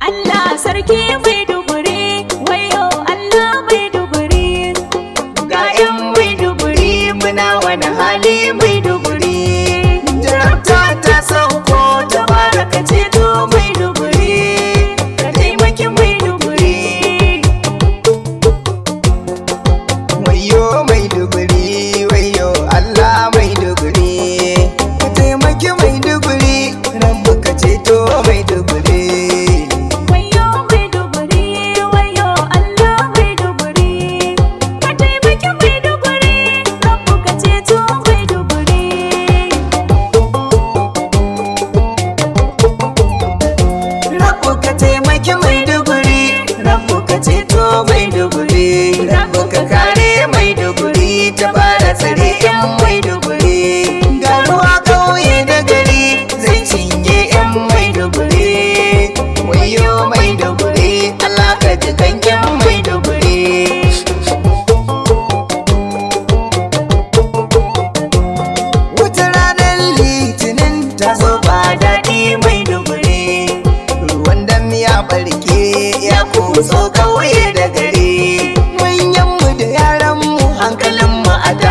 Allah sarki mai duburi wayo Allah mai duburi ga yan mai duburi muna wani hali mai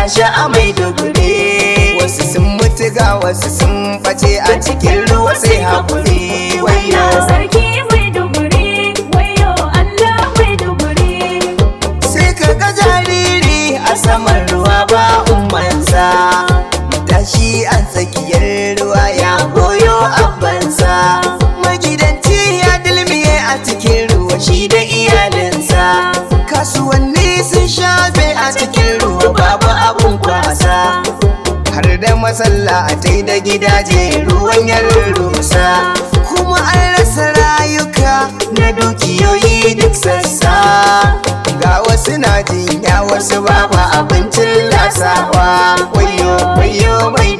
tashi a maiduguri wasu sun mutu ga wasu sun face a cikin ruwa sai hakuri wannan sarki A masallatai da gidaje ruwan ya rusa kuma an rasa rayuka na dukiyoyi duk sassa ga wasu na jinya wasu babu abincin lasawa wayo wayo mai